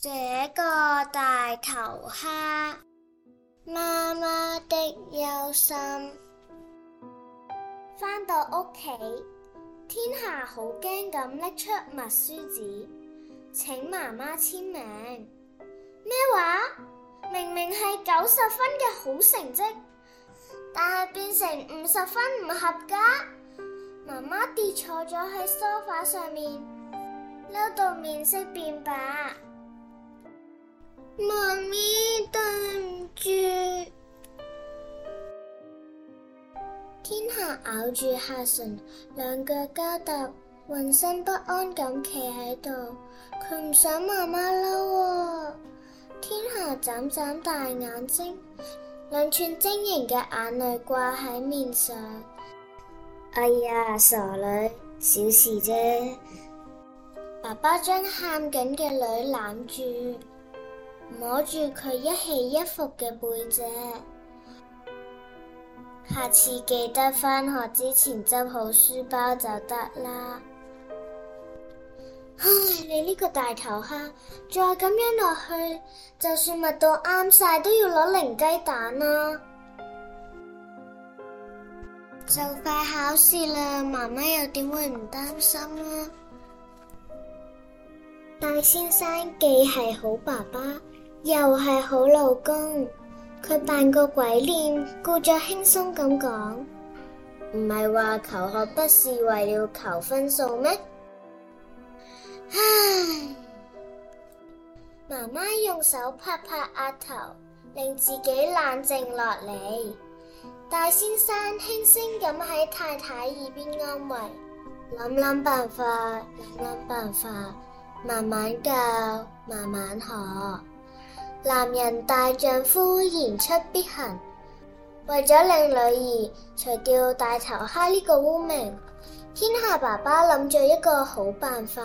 這個大頭蝦，媽媽的憂心。返到屋企，天下好驚咁拎出默書紙，請媽媽簽名。咩話？明明係九十分嘅好成績，但係變成五十分唔合格。媽媽跌坐咗喺梳化上面，嬲到面色變白。媽咪對唔住。天下咬住下唇，兩腳交搭，渾身不安咁企喺度。佢唔想媽媽嬲啊。天下眨眨大眼睛，兩串晶瑩嘅眼淚掛喺面上。哎呀，傻女，小事啫。爸爸將喊緊嘅女攬住。摸住佢一起一伏嘅背脊，下次記得返學之前執好書包就得啦。唉，你呢個大頭蝦，再咁樣落去，就算密到啱晒，都要攞零雞蛋啦，啊。就快考試啦，媽媽又點會唔擔心啊？大先生既係好爸爸，又係好老公，佢扮個鬼臉，故作輕鬆咁講，唔係話求學不是為了求分數咩？唉，媽媽用手拍拍額頭，令自己冷靜落嚟。大先生輕聲咁喺太太耳邊安慰，諗諗辦法，諗諗辦法，慢慢教，慢慢學。男人大丈夫，言出必行，為咗令女兒除掉大頭蝦呢個污名，天下爸爸諗咗一個好辦法。